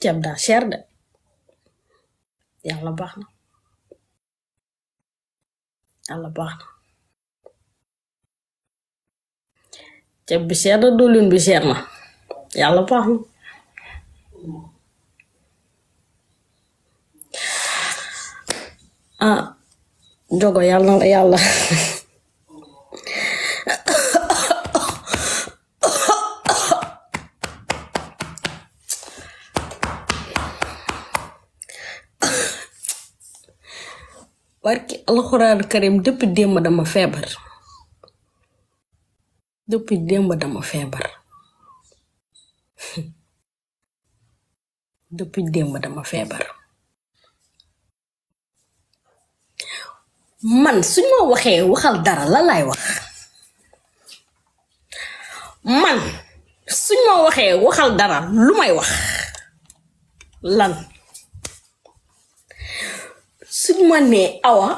ceeb da cher de yàlla baax na yàlla baax na ceeb bi cher na diwlin bi cher na yàlla baax na ah jogo yàlla barki alxuraan karim depuis démb dama feebar depuis démb dama feebar depuis démb dama feebar man suñ waxee waxal dara la laay wax man suñ waxee waxal dara lu may wax lan suñ man nee awa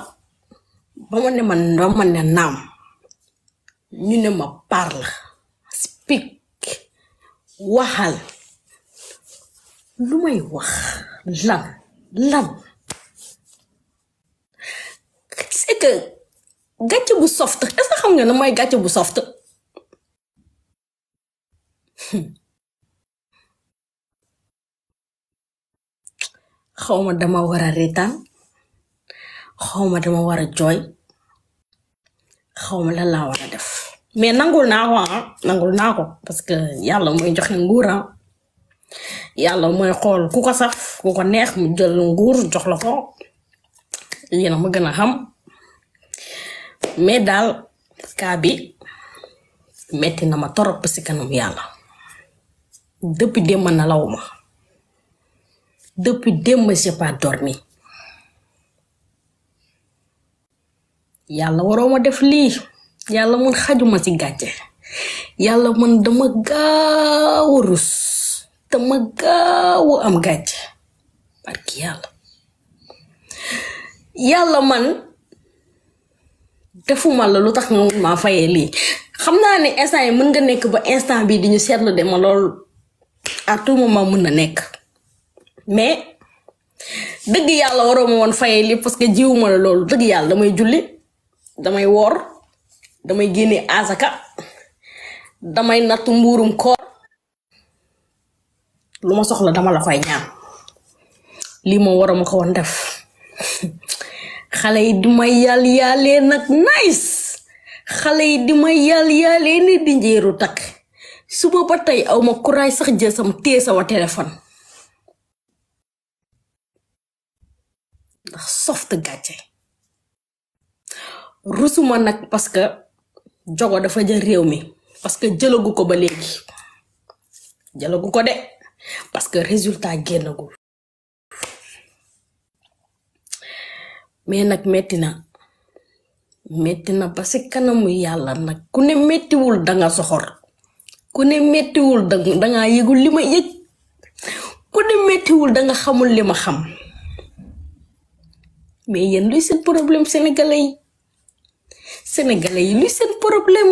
ba ma ne ma ba ma ne naam ñu ne ma parle speak waxal lu may wax lan lan c'est que bu soft est xam nga ne mooy gàcce bu soft xawma dama war a reetaan xawma dama war a jooy xawma lan laa war a def mais nangul naa ko ah nangul naa ko parce que yàlla mooy joxe nguura ah. yàlla mooy xool ku ko saf ku ko neex mu jël nguur jox la ko yéen ma gën a xam mais daal kaa bi metti na ma torop si kanam yàlla depuis démb na law ma depuis démb j'ai pas dormi yàlla waroo ma def lii yàlla man xajuma ci gàjje yàlla man dama gaaw a rus dama gaaw am gàcce barki yàlla yàlla man defuma la lu tax nga maa fayee lii xam naa ne instant yi mën nga nekk ba instant bii di ñu seetlu de ma loolu à tout moment mën na nekk mais dëgg yàlla waroo ma woon fayee lii parce que jiwuma la loolu dëgg yàlla damay julli. damay woor damay génne azaka damay natt mbuurum koor lu ma soxla dama la koy ñaan lii moom waroon ma ko woon def xale yi di ma yàll yàllee nag nice xale yi di ma yàll yàllee di njeeru takk suba ba tey aw ma courage sax jël sam téye sama téléphone ndax soft gàcce rusuma nag parce que jogo dafa jël réew mi parce que jëlagu ko ba léegi jëlagu ko de parce que résultat génnagul mais nag metti na metti na ba si kanamu yàlla nag ku ne mettiwul danga soxor ku ne mettiwul danga yëgul li ma yëg ku ne mettiwul danga xamul li ma xam mais yéen luy seen problème sénégalais sénégalais yi luy seen problème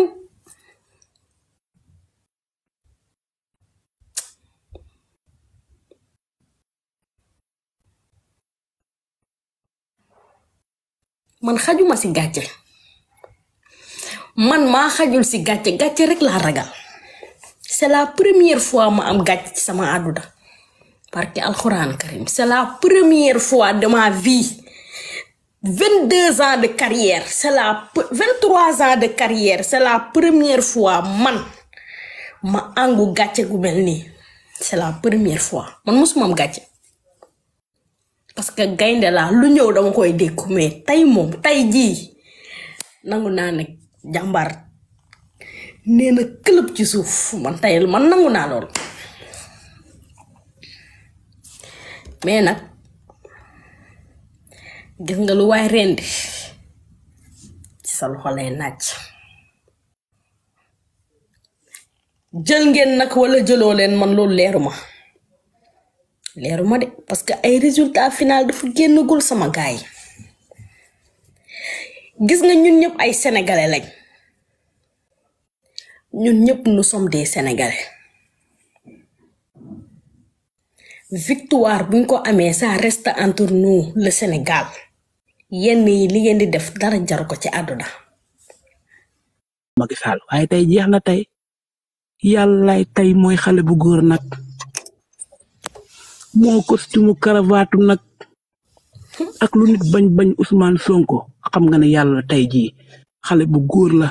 man xajuma ci gàcce man maa xajul ci gàcce gàcce rek laa ragal c'est la première fois ma am gàcce sama àdduna parce que alxuraan karim c'est la première fois de vie 22 ans de carrière c'est la 23 ans de carrière c'est la première fois man ma àngu gàcce gu mel nii c'est la première fois man mosuma am gàcce parce que gaynde laa lu ñëw dama koy dékku mais tey moom tey jii nangu naa ne jàmbaar nee na këlëb ci suuf man tey man nangu naa lool mais nag gis nga lu waay rendi ci sa loxo lay naaj jël ngeen nag walla jëloo leen man loolu leeruma leeruma de parce que ay résultat final dafa génnagul sama gaay gis nga ñun ñëpp ay sénégalais lañ ñun ñëpp nous sommes des sénégalais victoire buñ ko amee ça reste entre nous la Sénégal yenn yi li ngeen di def dara jaru ko ci àdduna. Macky Sall waaye tey jeex na tey yàllaay tey mooy xale bu góor nag moo costume cravate nag ak lu nit bañ bañ Ousmane Sonko xam nga ne yàlla tey jii xale bu góor la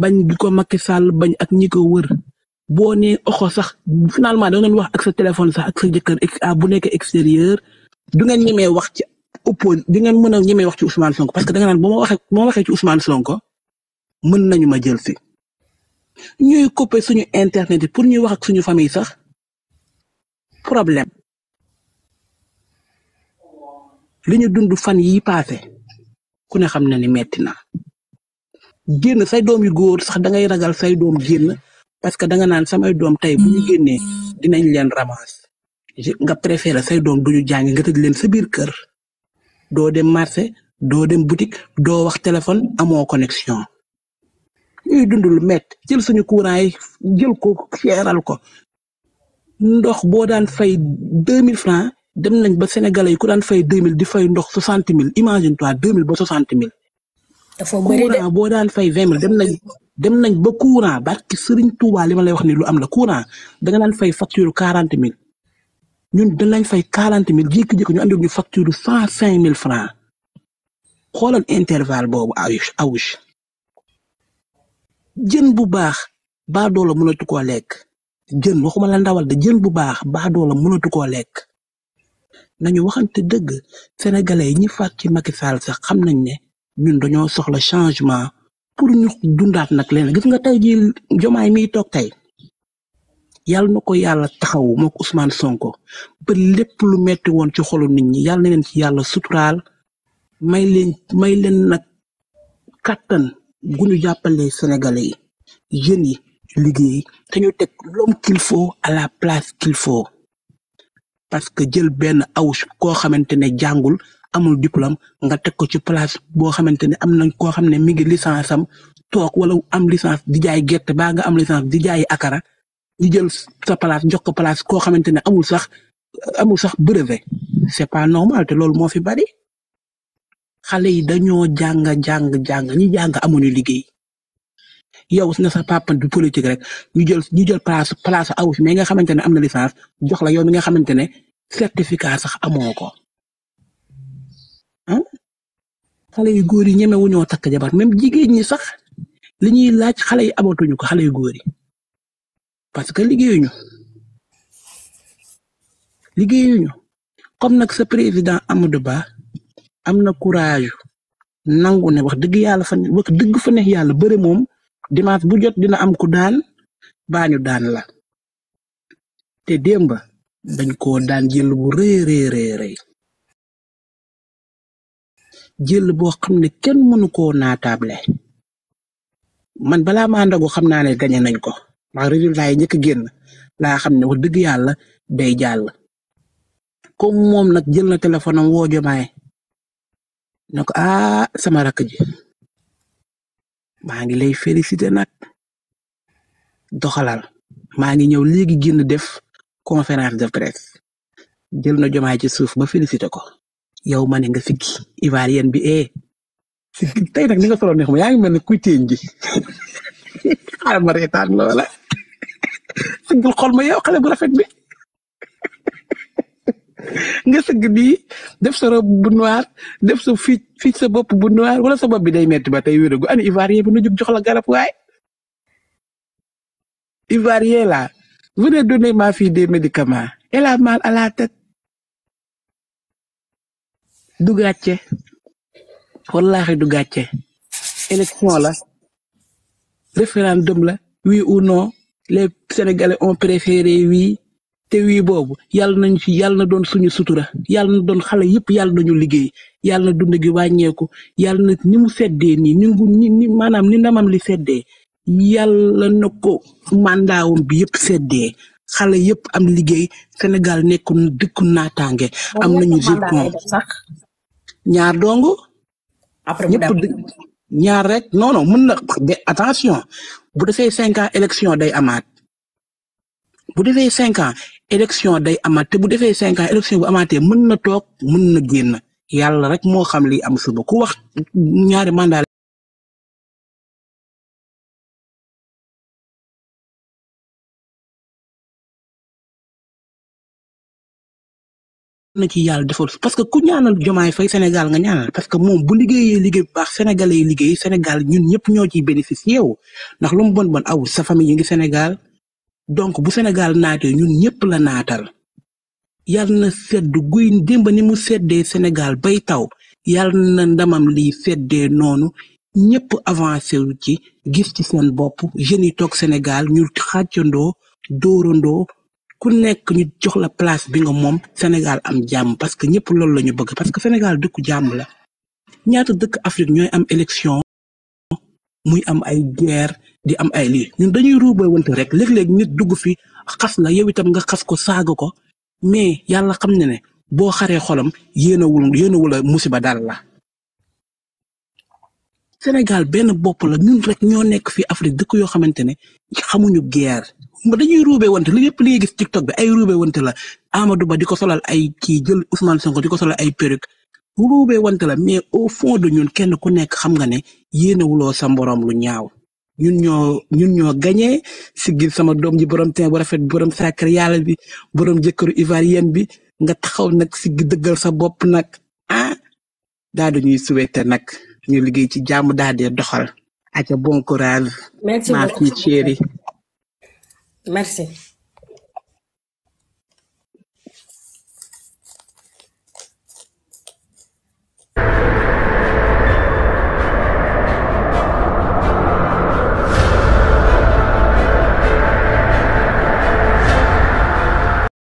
bañ gi ko Macky Sall bañ ak ñi ko wër boo nee oxo sax finalement da ngeen wax ak sa téléphone sax ak sa jëkkër ah, bu nekk extérieur du ngeen ñemee wax ci. oppose di ngeen mën a ñemee wax ci Ousmane Sonko parce que da nga naan bu ma waxee bu ma waxee ci Ousmane Sonko mën nañu ma jël si ñuy couper suñu internet yi pour ñuy wax suñu famille sax problème li ñu dund fan yi paase ku ne xam ne ni metti na génn say doom yu góor sax da ngay ragal say doom génn parce que da nga naan samay doom tey bu génnee dinañ leen ramas nga préféré say doom duñu jàng nga tëj leen sa biir kër. doo dem marché doo dem boutique doo wax téléphone amoo connexion ñuy dund lu métti jël suñu courant yi jël ko seeral ko ndox boo daan fay deux mille francs dem nañ ba Sénégalais yi ku daan fay deux mille di fay ndox soixante mille imagine toi deux mille ba soixante mille. dafa boo daan fay vingt mille dem nañ dem nañ ba courant barki Serigne Touba li ma lay wax ni lu am la courant da nga daan fay facture quarante mille. ñun dañ lay fay quarante mille jékki-jékki ñu andi ñu facture cent cinq mille francs xoolal intervalle boobu awush awush jën bu baax baa doola mënatu koo lekk jën waxuma la ndawal de jën bu baax baa doola mënatu koo lekk nañu waxante dëgg sénégalais yi ñi faat ci maki Sall sax xam nañ ne ñun dañoo soxla changement pour ñu dundaat nag leen gis nga tey jii jomaay mi toog tey yàlla na ko yàlla taxaw ko Ousmane Sonko ba lépp lu metti woon ci xolu nit ñi yàlla na leen ci yàlla suturaal may leen may leen nag kàttan gu ñu jàppale Sénégalais yi jeunes yi liggéey te ñu teg lom qu'il faut à la place kil faut parce que jël benn awus koo xamante ne jàngul amul diplôme nga teg ko ci place boo xamante ne am nañ koo xam ne mi ngi licence am toog wala am licence di jaay gerte baa nga am licence di jaay akara ñi jël sa place jox ko place koo xamante ne amul sax amul sax brevet c'est pas normal te loolu moo fi bari xale yi dañoo jàng jàng jàng ñi jàng amuñu liggéey yowus na sa papa du politique rek ñu jël ñu jël place place aw mais nga xamante ne am na licence jox la yow mi nga xamante ne certificat sax amoo ko ah xale yu góor yi ñeme wu ñoo takk jabar même jigéen ñi sax li ñuy laaj xale yi amatuñu ko xale yu góor yi parce que liggéeyuñu liggéeyuñu comme nag sa président Amadou Ba am na courage nangu ne wax dëgg yàlla fa wax dëgg fa neex yàlla bëre moom dimanche bu jot dina am ku daan baañu daan la te démba dañ ko daan jël bu rëy rëy rëy jël boo xam ne kenn mënu koo naataable man balaa maa ndagu xam naa ne gañe nañ ko ndax résultat yi njëkk a génn laa xam ne wax dëgg yàlla day jàll comme moom nag jël na téléphone am woo Jomaay ko ah sama rakk maa ngi lay féliciter nag doxalal maa ngi ñëw léegi génn def conférence de presse jël na Jomaay ci suuf ba féliciter ko yow ma ne nga siggi ivoirien bi eh siggi tey nag ni nga solo neex ma yaa kuy téen ji xaaral ma reetaan loola sëggul xol ma yow bu rafet bi nga sëgg bi def sa bu noir def sa fii fii sa bopp bu noir wala sa bopp bi day metti ba tey wéragu an ivoirien bi nu jug jox la garab waaye ivoirien la venez donner ma fille des médicaments elle a mal du gàcce wallaahi du gàcce élection la référendum la oui ou non les sénégalais ont préféré oui te wii boobu yàlla nañ fi yàlla na doon suñu sutura yàlla na doon xale yëpp yàlla nañu liggéey yàlla na dund gi wàññeeku yàlla na ni mu seddee nii ni ni maanaam ni ndamam li seddee yàlla na ko mandaawam bi yëpp seddee xale yëpp am liggéey Sénégal nekku dëkku naataange. am nañu zircon ñaar dong. après ñëpp ñaar rek non non mën na attention bu defee cinq ans élection day amaat bu defee cinq ans élection day amaat te bu defee cinq ans élection bu amaatee mën na toog mën na génn yàlla rek moo xam li am suba ku wax ñaari mandat na ci yàlla defal parce que ku ñaanal jomaay fay Sénégal nga ñaanal parce que moom bu liggéeyee liggéey baax sénégalais yi liggéey Sénégal ñun ñëpp ñoo ciy bénéficié wu ndax lu mu bon bon aw sa famille yi ngi Sénégal donc bu Sénégal naatee ñun ñëpp la naatal yàlla na sedd guy démb ni mu seddee Sénégal bay taw yàlla na ndamam li seddee noonu ñëpp avancé wu ci gis ci seen bopp jeunes yi toog Sénégal ñu xàccandoo dóorandoo ku nekk ñu jox la place bi nga moom Sénégal am jàmm parce que ñëpp loolu la ñu bëgg parce que Sénégal dëkku jàmm la ñaata dëkk Afrique ñooy am élection muy am ay guerre di am ay lii ñun dañuy ruubee wante rek léeg léegi nit dugg fi xas la yow itam nga xas ko saaga ko mais yàlla xam ne ne boo xaree xolam yéenawul yéenawul a musiba dal la Sénégal benn bopp la ñun rek ñoo nekk fi Afrique dëkk yoo xamante ne xamuñu guerre dañuy ruube wante li yëpp li gis TikTok bi ay ruube wante la Amadou Ba di ko solal ay kii jël Ousmane Sonko di ko solal ay perruque ruube wante la mais au fond de ñun kenn ku nekk xam nga ne yéenewuloo sa mboroom lu ñaaw ñun ñoo ñun ñoo gañee siggi sama doom ji borom teen bu rafet borom sacré yàlla bi boroom jëkkëru ivoirienne bi nga taxaw nag siggi dëggal sa bopp nag ah daa dañuy souhaité nag ñu liggéey ci jàmm daal di doxal. aca bon courage. merci merci